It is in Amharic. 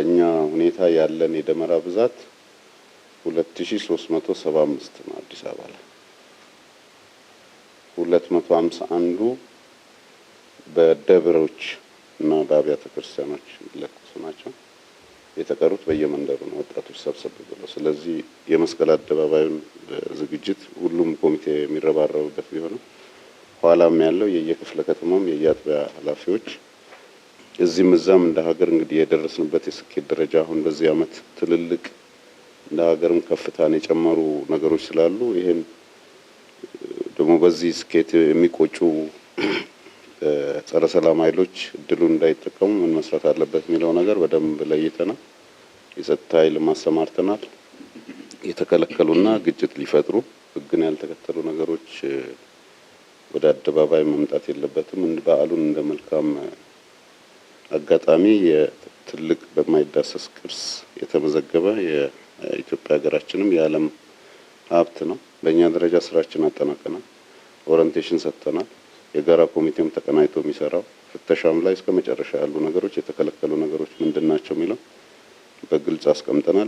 በእኛ ሁኔታ ያለን የደመራ ብዛት 2375 ነው። አዲስ አበባ ላይ 251ዱ በደብሮች እና በአብያተ ክርስቲያኖች የሚለኮሱ ናቸው። የተቀሩት በየመንደሩ ነው ወጣቶች ሰብሰብ ብለው። ስለዚህ የመስቀል አደባባዩን ዝግጅት ሁሉም ኮሚቴ የሚረባረቡበት ቢሆንም ኋላም ያለው የየክፍለ ከተማም የየአጥቢያ ኃላፊዎች እዚህም እዛም እንደ ሀገር እንግዲህ የደረስንበት የስኬት ደረጃ አሁን በዚህ አመት ትልልቅ እንደ ሀገርም ከፍታን የጨመሩ ነገሮች ስላሉ ይህን ደግሞ በዚህ ስኬት የሚቆጩ ጸረ ሰላም ኃይሎች እድሉን እንዳይጠቀሙ ምን መስራት አለበት የሚለው ነገር በደንብ ለይተናል። የጸጥታ ኃይል ማሰማርተናል። የተከለከሉና ግጭት ሊፈጥሩ ህግን ያልተከተሉ ነገሮች ወደ አደባባይ መምጣት የለበትም። በዓሉን እንደ መልካም አጋጣሚ የትልቅ በማይዳሰስ ቅርስ የተመዘገበ የኢትዮጵያ ሀገራችንም የዓለም ሀብት ነው። በእኛ ደረጃ ስራችን አጠናቀናል። ኦሪንቴሽን ሰጥተናል። የጋራ ኮሚቴም ተቀናይቶ የሚሰራው ፍተሻም ላይ እስከ መጨረሻ ያሉ ነገሮች የተከለከሉ ነገሮች ምንድን ናቸው የሚለው በግልጽ አስቀምጠናል።